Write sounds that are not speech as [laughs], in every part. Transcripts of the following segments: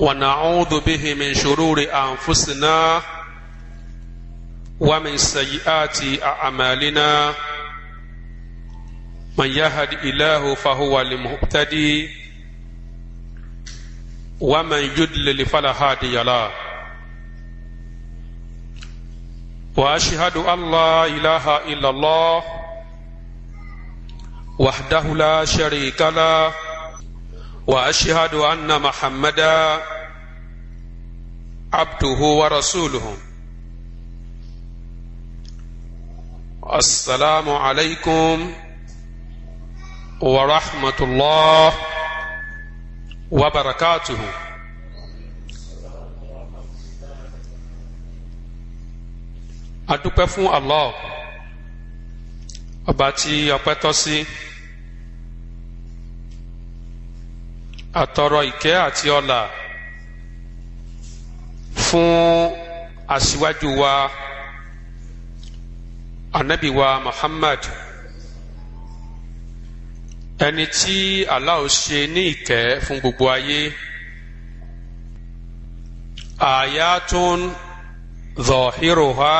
ونعوذ به من شرور أنفسنا ومن سيئات أعمالنا من يهد إله فهو المهتدي ومن يدلل فلا هادي له وأشهد أن لا إله إلا الله وحده لا شريك له واشهد ان محمدا عبده ورسوله السلام عليكم ورحمه الله وبركاته adúpẹ́ fún allah ọba tí ọpẹ́ àtọrọ ìkẹ́ àti ọlà fún aṣíwájú wa anabi wa Muhammad ẹni tí Allah ṣe ní ìkẹ́ fún gbogbo ayé ayatun zahiruha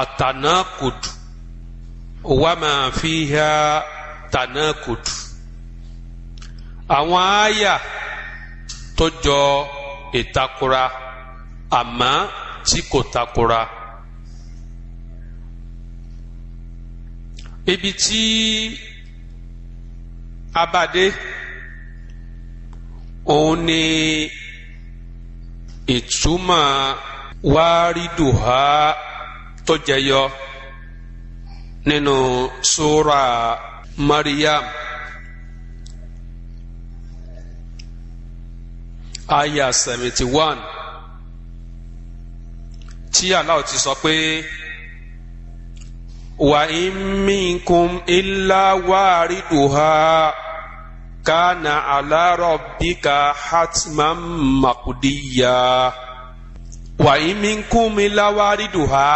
atanakud wama fiha àwọn àáyà tó jọ ìtakora àmọ́ tí kò takora. ibi tí abade òun ni ìtumọ̀ wárídùhá tó jẹyọ nínú sura Maryam. aya seventy one tí Allah ti sọ pé wa in minkum illa wariduha kana ala rabbika hatman maqdiya wa in minkum illa wariduha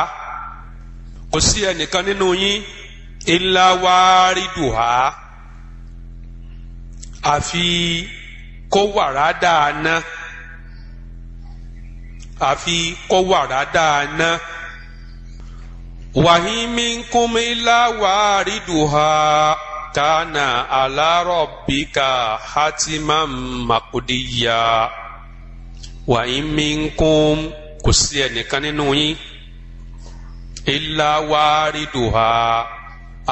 kò sí ẹnìkan nínú yín illa wariduha àfi kó wàrà dáaná àfi kó wàrà dáaná wàhímí kúmílá wàrídùhà kánà alárọ̀bíkà hátímàm màkúdíyà wàhímí kúm kò sí ẹnìkan nínú yín ilá wàrídùhà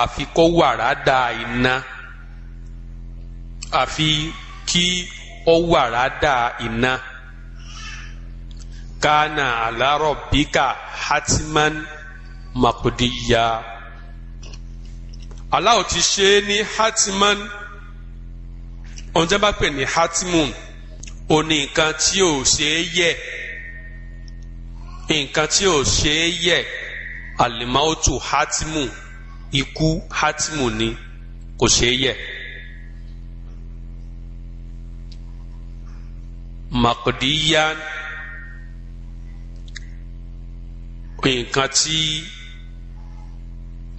àfi kó wàrà dá iná àfi kí ó wà rádà iná kánà àlárọ̀ bíkà hatiman makudiya aláwo ti ṣe é ní hatiman ohun tí wọ́n bá pè ní hatimun ó ní nǹkan tí ò ṣe é yẹ̀ nǹkan tí ò ṣe é yẹ̀ alimautu hatimu ikú hatimu ni kò ṣe é yẹ̀. makodiyan nǹkan tí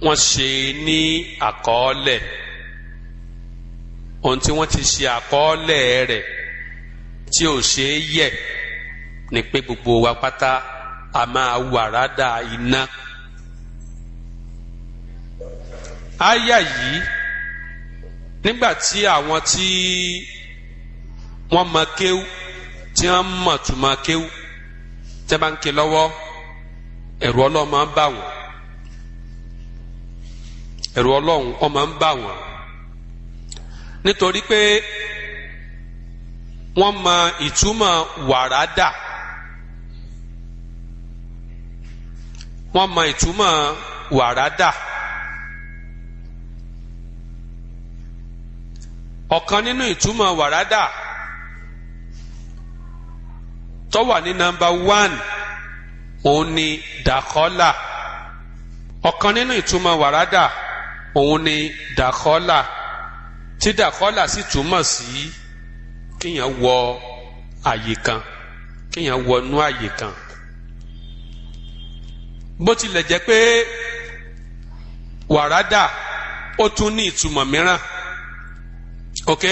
wọ́n ṣe ní àkọọ́lẹ̀ ohun tí wọ́n ti ṣe àkọọ́lẹ̀ rẹ̀ tí ò ṣe é yẹ ni pé gbogbo wa pátá a máa wàrádà iná. áyà yìí nígbà tí àwọn tí wọ́n mọ kéwù tí wọ́n mọ̀ tuma kéwú tí wọ́n bá ń ké lọ́wọ́ ẹ̀rù ọlọ́run máa ń bà wọ́n ẹ̀rù ọlọ́run ó máa ń bà wọ́n nítorí pé wọ́n mọ ìtumọ̀ wàràdà wọ́n mọ ìtumọ̀ wàràdà. ọ̀kan nínú ìtumọ̀ wàràdà tó wà ní nọ́mbà one òun ni dàkọ́là ọ̀kan nínú ìtumọ̀ wàrádà òun ni dàkọ́là tí dàkọ́là sì túmọ̀ sí kíyàn wọ àyè kan kíyàn wọnú àyè kan bó tilẹ̀ jẹ́ pé wàrádà ó tún ní ìtumọ̀ mìíràn ok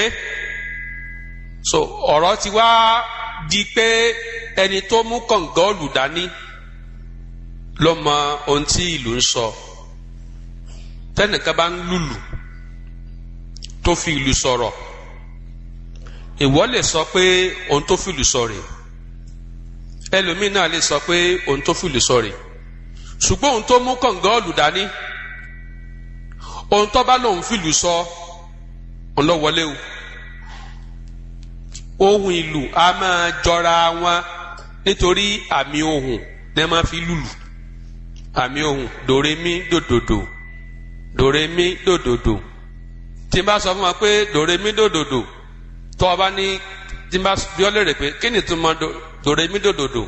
so ọ̀rọ̀ ti wá. Wa di pé ẹni tó mú kànga ọ̀lù dání ló mọ ohun tí ìlú ń sọ tẹnìkan bá ń lùlù tó fi ìlú sọ̀rọ̀ ìwọ lè sọ pé ohun tó fi ìlú sọ rèé ẹlòmíín náà lè sọ pé ohun tó fìlù sọ̀rì ṣùgbọ́n ohun tó mú kànga ọ̀lù ohun tó bá lòun fìlù sọ ọ̀lọ́wọlé o ohun ìlù a máa jọra wọn nítorí àmì ohùn ní wọ́n máa fi lùlù àmì ohùn dòrèmí dòdòdò dòrèmí dòdòdò tí n bá sọ fún wa pé dòrèmí dòdòdò tó o bá ní tí n bá bí ọ lérè pé kí ni ìtumọ̀ dòrèmí dòdòdò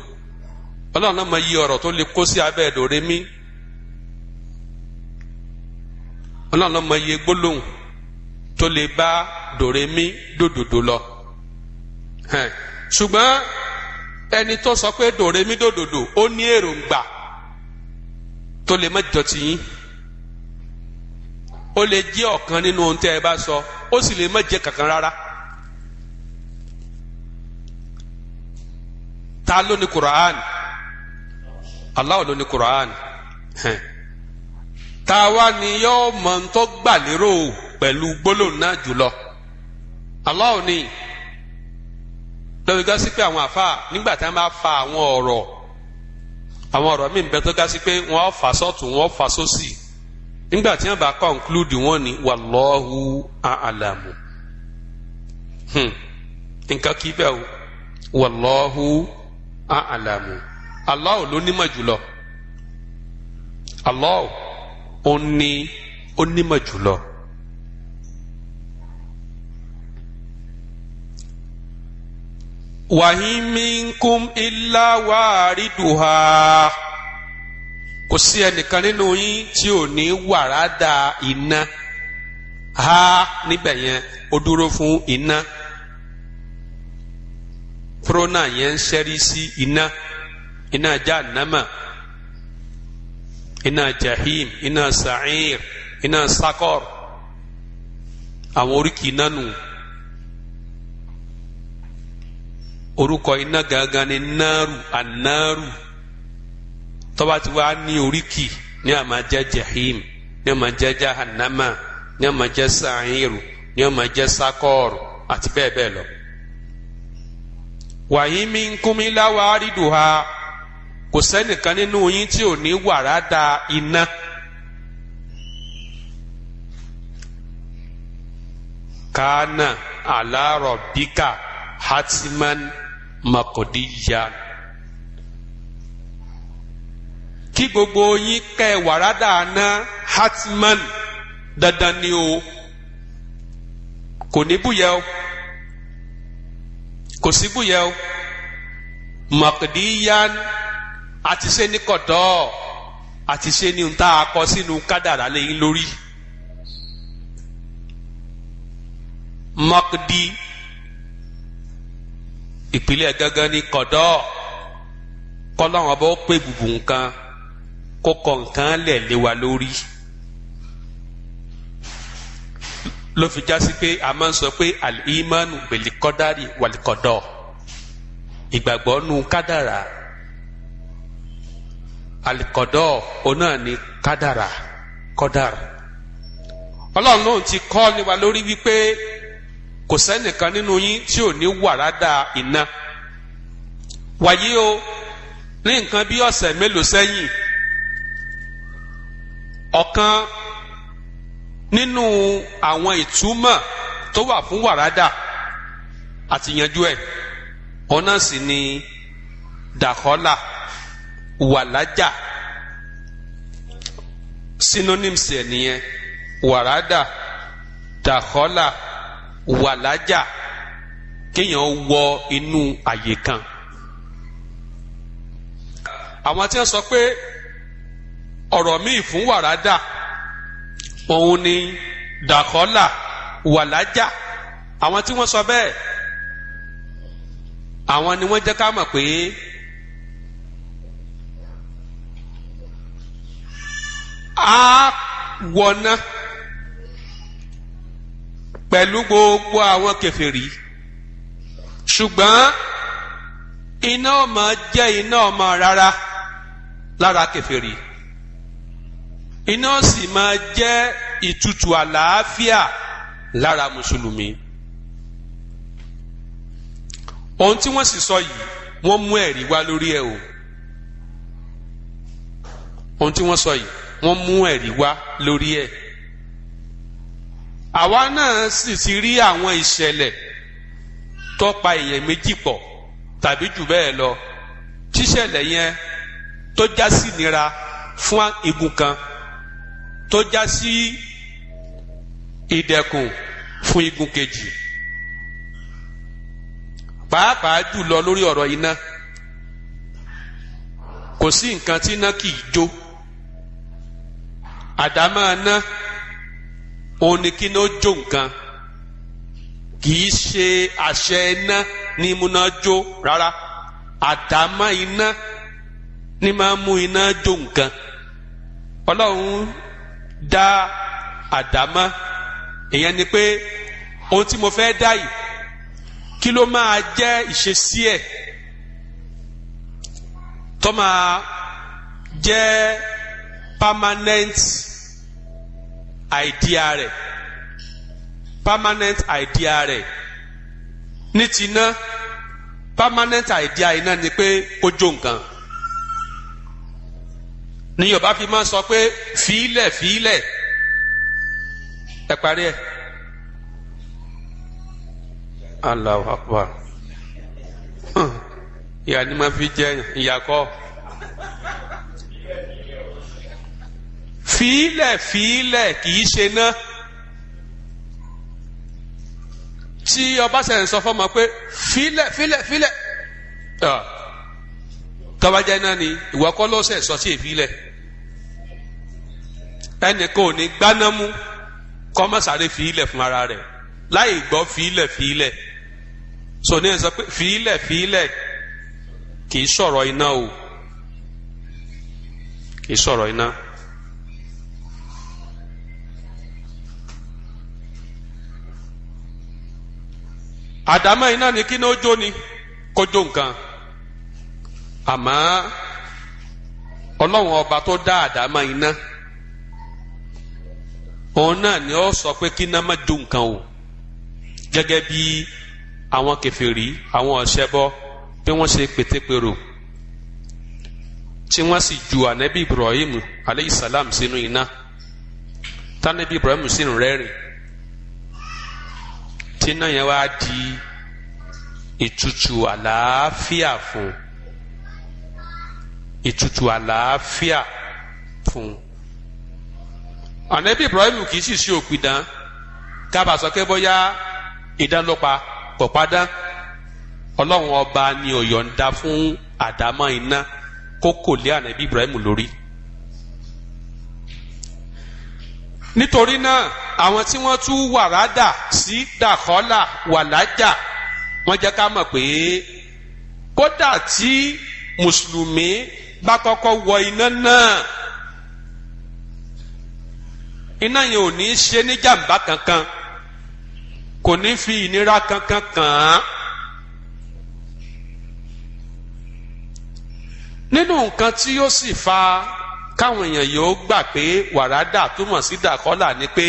ọlọ́run náà máa yí ọ̀rọ̀ tó lè kó sí abẹ́ dòrèmí ọlọ́run náà máa yí gbólóhùn tó lè bá dòrèmí dòdòdò lọ ṣùgbọ́n ẹni tó sọ pé dòrèmí dòdòdò ó ní èròǹgbà tó lè má jọ tiyín ó lè jẹ́ ọ̀kan nínú ohun tẹ́ ẹ bá sọ ó sì lè má kankan rárá. ta ló ní Quran Allah ló ní Quran ta wá ni yóò mọ̀ ń tó gbà pẹ̀lú gbólóhùn náà jùlọ Allah ni lórí gásí pé àwọn àfa nígbà tí wọn bá fa àwọn ọ̀rọ̀ àwọn ọ̀rọ̀ míì bẹ tó gásí pé wọn fà sọ́tún wọn fà sósì nígbà tí wọn bá conclude wọn ni wallahu a'lamu hmm. nǹkan kí bẹ́ẹ̀ o wallahu a'lamu Allah ló nímọ̀ jùlọ Allah ó ní ó nímọ̀ jùlọ. wàhín minkum illa wàrídùhà kò sí ẹnìkan nínú yín tí ò ní wàrádà iná ha níbẹ̀ yẹn ó dúró fún iná prona yẹn ń ṣẹ́rí sí iná iná jahannama iná jahim iná sa'ir iná sakor àwọn oríkì iná nù. orúkọ iná gangan ni naaru anaaru tó bá ti wá ní oríkì ní a jahim ní a máa jẹ́ jahannama ní a máa jẹ́ sa'iru ní a máa jẹ́ sakọọrù àti bẹ́ẹ̀ bẹ́ẹ̀ lọ. wàyí mi ń kún mi láwa àrídùn ha kò sẹ́nìkan nínú yín tí ò ní wàrà da iná. kana ala rabbika hatiman makodiya kí gbogbo yín kẹ wàrádà ná hatman dandan ni o kò ní búyẹ o kò sí búyẹ o makodiya àti ṣe ní kọ̀dọ̀ àti ṣe ní ta akọ sínú kádàrá lẹ́yìn lórí makdi ìpìlẹ̀ gangan ni kọ̀dọ́ kọ́láwọn bá pè bùbù nǹkan kó kọ nǹkan lẹ̀ lé wa lórí ló fi já sí pé a máa ń sọ pé alìmánu bèlì kọ́dárì wàlìkọ̀dọ́ ìgbàgbọ́ nu kádàrà alìkọ̀dọ́ ọ̀nà ni kádàrà kọ́dàrà ọlọ́run lóun ti kọ́ ni wa lórí wípé kò sẹ́nìkan nínú yín tí ò ní wàrádà iná wàyí o ní nǹkan bí ọ̀sẹ̀ mélòó sẹ́yìn ọ̀kan nínú àwọn ìtumọ̀ tó wà fún wàrádà àtìyànjú ẹ̀ ọ̀nà sì ni dàkọ́là wàlájà synonyms ẹ̀ nìyẹn wàrádà dàkọ́là wàlájà kéèyàn wọ inú àyè kan àwọn tí wọ́n sọ pé ọ̀rọ̀ míì fún wàràdà òun ni dàkọlà wàlájà àwọn tí wọ́n sọ bẹ́ẹ̀ àwọn ni wọ́n jẹ́ ká mọ̀ pé a wọná pẹ̀lú gbogbo àwọn kèfèrí ṣùgbọ́n iná ọmọ jẹ́ iná ọmọ rárá lára kèfèrí iná sì máa jẹ́ ìtutù àlàáfíà lára mùsùlùmí ohun tí wọ́n sì sọ yìí wọ́n mú ẹ̀rí wá lórí ẹ̀ o ohun tí wọ́n sọ yìí wọ́n mú ẹ̀rí wá lórí ẹ̀ àwa náà sì ti rí àwọn ìṣẹ̀lẹ̀ tó pa èèyàn méjì pọ̀ tàbí jù bẹ́ẹ̀ lọ tíṣẹ̀lẹ̀ yẹn tó já sí nira fún igun kan tó já sí ìdẹ̀kùn fún igun kejì pàápàá jùlọ lórí ọ̀rọ̀ iná kò sí nǹkan tí iná kì í jó àdámọ́ iná òun ni kí ni ó jó nǹkan kì í ṣe àṣẹ iná ní múná jó rárá àdámá iná ní máa mú iná jó nǹkan ọlọ́run dá àdámá ìyẹn ni pé ohun tí mo fẹ́ dá yìí kí ló máa jẹ́ ìṣesí ẹ̀ tó máa jẹ́ permanent idea rẹ̀ permanent idea rẹ̀ ní ti iná permanent idea iná ni pé kó jó nǹkan ní Yorùbá fi máa sọ pé fìílẹ̀ fìílẹ̀ ẹ parí ẹ Allahu Akbar ìyá ni máa fi jẹ ìyá fìílẹ̀ fìílẹ̀ kìí ṣe ná tí ọba sẹ̀rẹ̀ sọ fọmọ pé fìílẹ̀ fìílẹ̀ fìílẹ̀ tọ́bajẹ́ náà ni ìwọ kọ́ ló sẹ̀ sọ sí ìfìílẹ̀ ẹnìkan ò ní gbanámú kọ́ má sáré fìílẹ̀ fún ara rẹ̀ láì gbọ́ fìílẹ̀ fìílẹ̀ so ní ẹ sọ pé fìílẹ̀ fìílẹ̀ kìí sọ̀rọ̀ iná o kìí sọ̀rọ̀ iná. àdámọ́ iná ni kí ni ó jó ni kó jó nǹkan àmọ́ ọlọ́run ọba tó dá àdámọ́ iná òun náà ni ó sọ pé kí iná má jó nǹkan o gẹ́gẹ́ bí àwọn kèfèrí àwọn ọ̀ṣẹ́bọ bí wọ́n ṣe pètèpèrò tí wọ́n sì ju ànábì Ibrahim aleyhisalaam sínú iná tánàbí Ibrahim sínú rẹ́rìn ìtẹ́nà yẹn wá di ìtutù àlàáfíà fún ìtutù àlàáfíà fún. ànábì Ibrahim kì í sì sí òpìdán kábà sọ pé bóyá idán ló ọlọ́run ọba ni ó yọ̀ǹda fún àdámọ́ iná kó lé ànábì Ibrahim lórí. nítorí náà àwọn tí wọ́n tú wàrádà sí dàkọ́là wàlájà wọ́n jẹ́ ká mọ̀ pé kódà tí mùsùlùmí bá kọ́kọ́ wọ iná náà iná yẹn ò ní í ṣe ní jàǹbá kankan kò ní fi ìnira kankan kàn án. nínú nǹkan tí yóò sì fa káwọn èèyàn yóò gbà pé wàrádà túmọ̀ sí dàkọ́là ni pé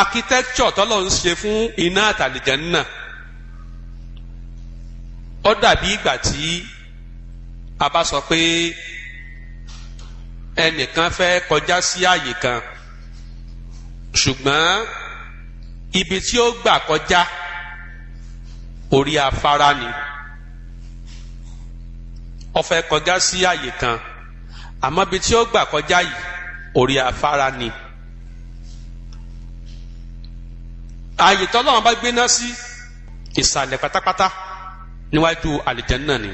akitẹ́kṣọ̀ tọ́lọ̀ ń ṣe fún iná àtàlìjẹ́ náà ó dàbí ìgbà tí a bá sọ pé ẹnìkan fẹ́ kọjá sí àyè kan ṣùgbọ́n ibi tí ó gbà kọjá orí afárá ni ó fẹ́ kọjá sí àyè kan àmọ́ ibi tí ó gbà kọjá yìí orí afárá ni ààyè tọ́lọ́run bá gbéná sí ìsàlẹ̀ pátápátá níwájú àlìjẹ́nnà ni.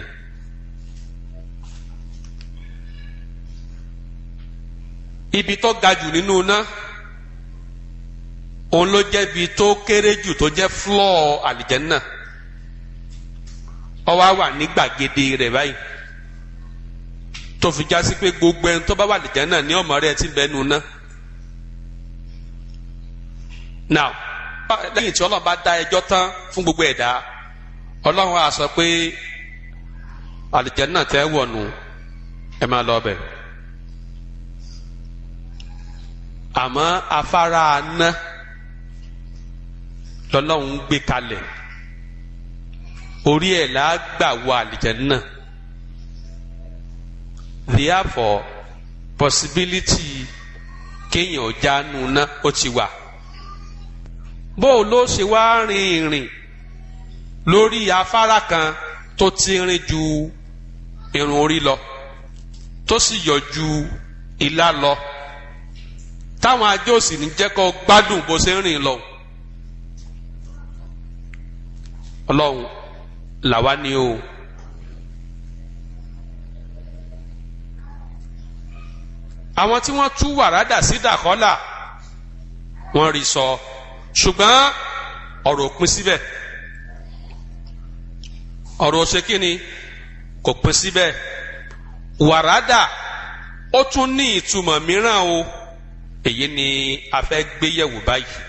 ibi tó ga jù nínú iná òun ló jẹ́ ibi tó kéré jù tó jẹ́ flọ́ọ̀ àlìjẹ́nnà ó wá wà ní gbàgede rẹ̀ báyìí. tó fi já sí pé gbogbo ẹni tó bá wà lìjẹ́ náà ní ọmọ rẹ̀ ti bẹ́ẹ̀ nu ná. now lẹ́yìn tí ọlọ́run bá dá ẹjọ́ tán fún gbogbo ẹ̀dá ọlọ́run á sọ pé àlìjẹ́ náà tẹ́ wọ̀nù ẹ máa lọ bẹ̀. àmọ́ afárá aná lọ́lọ́run gbé kalẹ̀ orí ẹ̀ là á gbà wọ àlìjẹ́ náà. therefore possibility kéèyàn jánu ná ó ti wà bó ló ṣe wá rin ìrìn lórí afárá kan tó ti rin ju irun orí lọ tó sì yọ ju ìlà lọ táwọn ajé òsì ní jẹ́ kó gbádùn bó ṣe ń rìn lọ ọlọ́run làwa ni o. àwọn tí wọ́n tú wàrádà sí dàkọ́là wọ́n rí sọ ṣùgbọ́n ọ̀rọ̀ pin síbẹ̀ ọ̀rọ̀ ṣe kí ni kò pin síbẹ̀ wàrádà ó tún ní ìtumọ̀ mìíràn o èyí ni a fẹ́ gbé yẹ̀wò báyìí.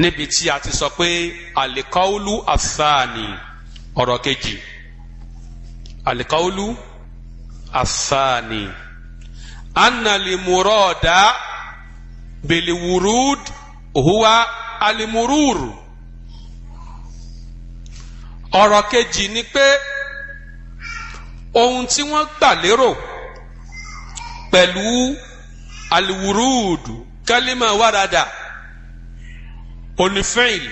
níbi tí a ti sọ pé àlìkọ́ọ́lù àsáàní ọ̀rọ̀ kejì alikawulu asaani anna limurada biliwurud huwa alimururu ọ̀rọ̀ kejì ni pé ohun tí wọ́n gbà lérò pẹ̀lú aliwurudu kálímà wàràdà onífẹ́ìl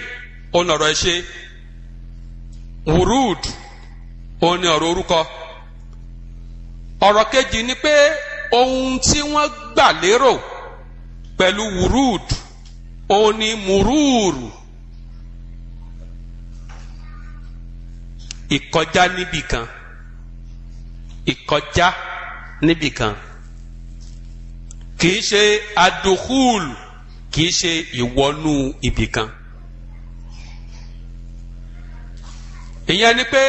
onọ̀rọ̀ ẹ̀ṣẹ̀ wurud òun ni ọ̀rọ̀ orúkọ ọ̀rọ̀ kejì ni pé ohun tí wọ́n gbà lérò pẹ̀lú wurud òun ni mùrúùrù ìkọjá níbì kan ìkọjá níbì kan kìí ṣe adukhul kìí ṣe ìwọnú ibì kan ìyẹn ni pé.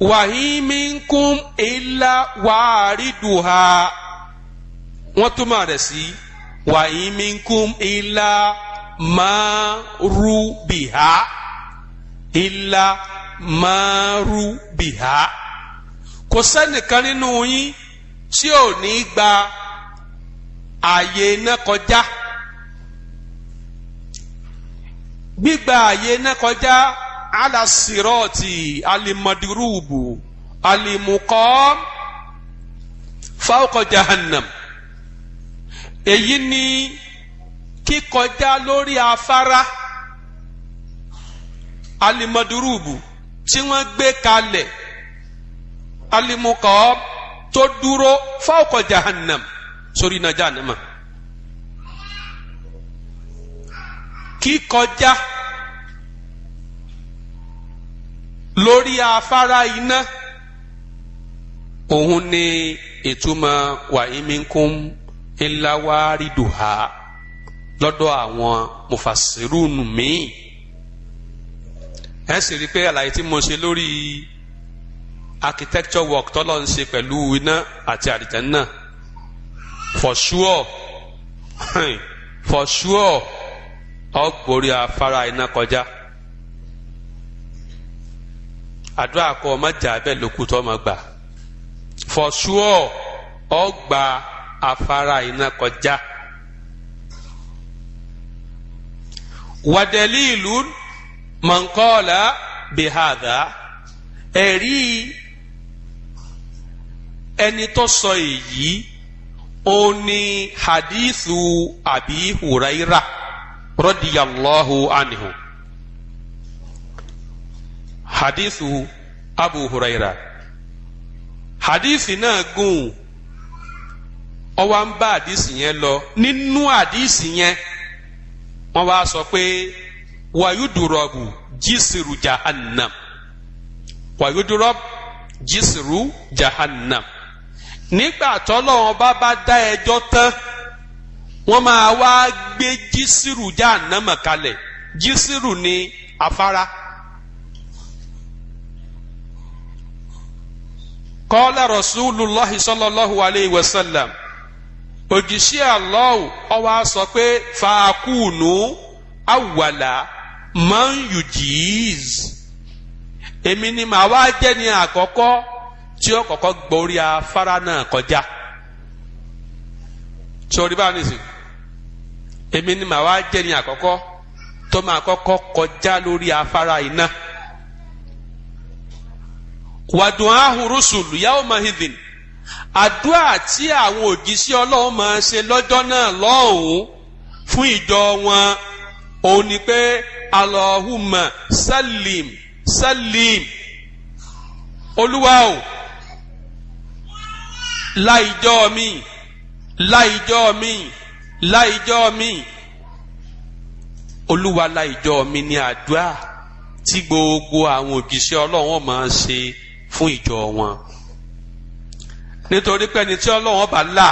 wàhímínkùm ìlà wàhálìdùhà wọ́n túmọ̀ rẹ̀ sí wàhímínkùm ìlà márùbìhà ìlà márùbìhà kò sẹ́nìkan nínú yín tí ò ní gba ààyè iná kọjá gbígba ààyè iná kọjá. alasirọti alimadirubu alimukọ fawkọ jahannam èyí ni kíkọjá lórí afárá alimadirubu tí wọ́n gbé kalẹ̀ alimukọ tó dúró fawkọ jahannam sórí iná jahannama kíkọjá. lórí afárá iná òun ni ìtumọ̀ wàhímínkún illa wariduha lọ́dọ̀ àwọn mufasirun míì ẹ sì rí i pé àlàyé tí mo ṣe lórí architecture work tọ́lọ́ ń ṣe pẹ̀lú iná àti àlìjánnà for sure [laughs] for sure ọgbórí afárá iná kọjá àdúrà kọ ọmọ jà bẹ́ẹ̀ ló kú tó ọmọ gbà for sure ọ gba afárá iná kọjá. wàdẹ̀líìlú mọ̀nkọ́ọ̀lá bihada ẹ̀rí ẹni tó sọ èyí ó ní hadithu Abi Huraira radiyallahu anhu. hadithu abu huraira hadithi náà gùn ó wá ń bá hadisi yẹn lọ nínú hadisi yẹn wọ́n wá sọ pé wàyúdùrọ̀bù jísìrù jahannam wàyúdùrọ̀bù jísìrù jahannam nígbà tọ́lọ́wọ́n bá bá dá ẹjọ́ tán wọ́n máa wá gbé jísìrù jahannam kalẹ̀ jísìrù ni afárá. kọ́lá rasulullahi sallallahu alayhi wa sallam òjíṣẹ́ Allah ó wá sọ pé fàákùnù awwala man yujiz ni màá wá jẹ́ ní àkọ́kọ́ tí ni wàdùnáhù rúṣùlù yàwó mahidin àdúrà tí àwọn òjíṣẹ́ ọlọ́run máa ṣe lọ́jọ́ náà lọ́hùn-ún fún ìjọ wọn òun ni pé alọ́hùnmá salim salim olúwa o láìjọ́ mi láìjọ́ mi láìjọ́ mi olúwa láìjọ́ mi ni àdúrà tí gbogbo àwọn òjíṣẹ́ ọlọ́run máa ṣe fún ìjọ wọn nítorí pé ẹni tí ọlọ́wọ́n bá là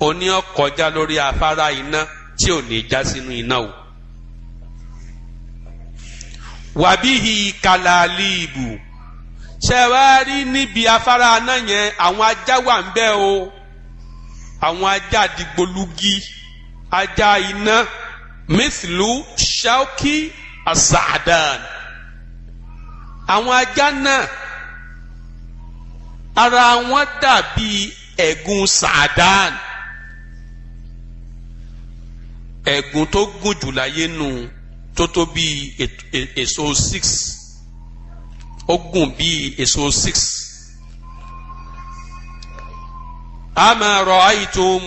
ó ní ó kọjá lórí afárá iná tí ò ní já sínú iná o. wàbíhi kàlàlíìbù ṣe wá rí níbi afárá iná yẹn àwọn ajá wà ń bẹ o àwọn ajá dìgbòlugi ajá iná mithlu shauki asadan àwọn ajá náà ara wọn dàbí ẹ̀gún sàdán ẹ̀gún tó gùn jù láyé nù tó tó bí èso six ó gùn bí èso six ama ra'aytum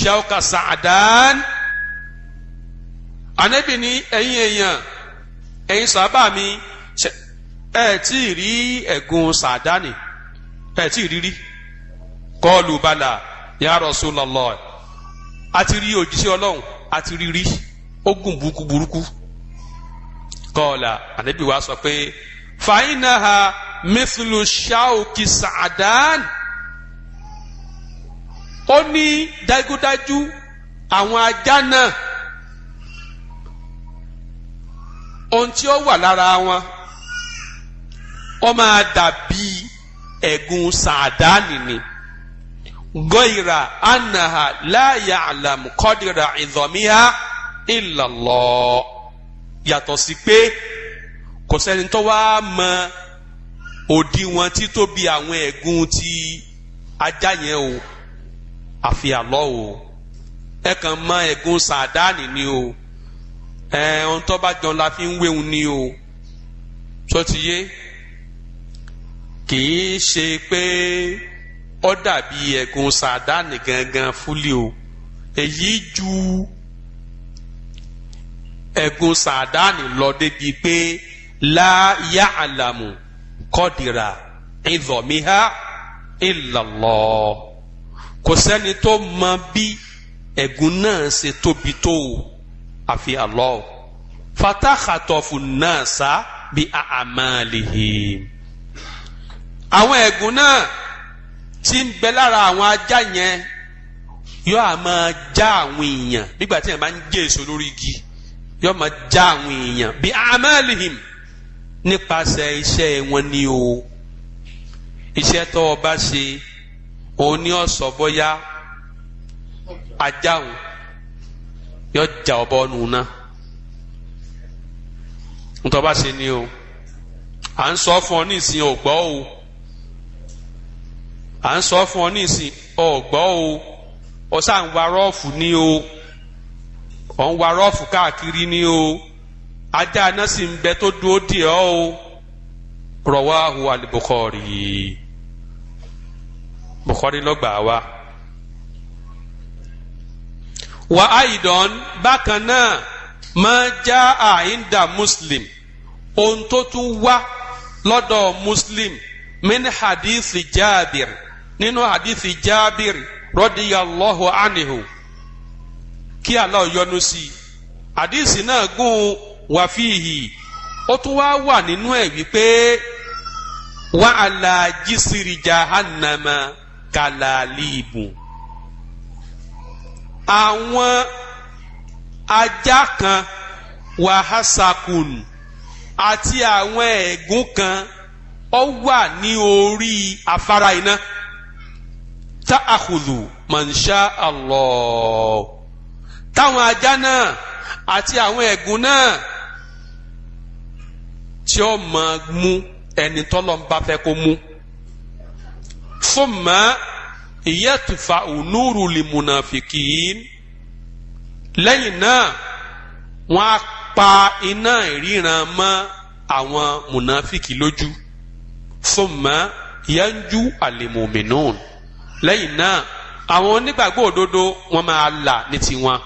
shawka sa'dan anabi ni ẹ̀yin èèyàn ẹ̀yin sábà mi ẹ tí ì rí ẹ̀gún sàdánì. E ẹ̀ tí ì rírí kọ́ọ̀lù bala ya Rasulullah a ti rí òjíṣẹ́ ọlọ́run a ti rírí ó gùn burúkú burúkú kọ́ọ̀là ànábì wa sọ pé fàyínà ha mithlu shauki sa'adan ó ní dájúdájú àwọn ajá náà ohun tí ó wà lára wọn ó máa dàbí egun sàdáàlì ni gọ́ìrà anaha láàyè alam kọ́dìrà ìdọ̀míhá ìlàlọ́ yàtọ̀ sí pé kò sẹ́ni tó wá mọ òdiwọ̀n títóbi àwọn ẹ̀gún ti ajá yẹn o àfi àlọ́ o ẹ kàn mọ ẹ̀gún sàdáàlì ni o ẹ̀ ohun tó bá jọ la fi ń wéhun ni o tó ti yé. So kì í ṣe pé ó dàbí ẹ̀gùn sàdánì gangan fúlẹ̀ o èyí ju ẹ̀gùn sàdánì lọ débi pé láyà àlàmù kọ́dìrà ìdọ̀míhá ìlàlọ́ kò sẹ́ni tó mọ bí ẹ̀gùn náà ṣe tóbi tó o àfi Allah fatakhatọ̀fù náà sá bí àmàlìhìn àwọn ẹ̀gún náà tí ń bẹ lára àwọn ajá yẹn yóò á máa já àwọn èèyàn nígbà tí èèyàn bá ń gé èso lórí igi yóò máa já àwọn èèyàn bí amalihim nípasẹ̀ iṣẹ́ wọn ni o iṣẹ́ tó o bá ṣe òun ni ó sọ bóyá ajá òun yóò já ọ bọ́ọ̀nù náà ntọ́ bá ṣe ni o à ń sọ fún ọ ní ìsìn ògbọ́ o à ń sọ fún ọ nísìn ọgbọ́ o ọsà ń wa rọ́ọ̀fù ní o ọ̀ ń wa rọ́ọ̀fù káàkiri ní o ajá náà sì ń bẹ tó dúró dì ọ́ o rọwáhu al-Bukhari Bukhari lọ́gbà wa. wà á ìdán bákan náà máa já àyíǹda Muslim ohun tó tún wá lọ́dọ̀ Muslim min hadithi Jabir. nínú hadithi Jabir radiyallahu anihu kí Allah yọnu sí i hadithi náà gùn wàfíìhì ó tún wá wà nínú ẹ̀ wípé wà alájísírì jahannama kàlàlíìbù àwọn ajá kan wàhásàkùn àti àwọn ẹ̀gún kan ó wà ní orí afárá iná. ta'khudhu man sha Allah táwọn ajá náà àti àwọn ẹ̀gún náà tí ó máa mú ẹni tọ́lọ́ ń bá fẹ́ kó mú thumma yatfa'u nuru li munafiqin lẹ́yìn náà wọ́n á pa iná ìríran mọ́ àwọn munafiki lójú thumma yanju al-mu'minun lẹ́yìn náà àwọn onígbàgbọ́ òdodo wọ́n máa là ní tiwọn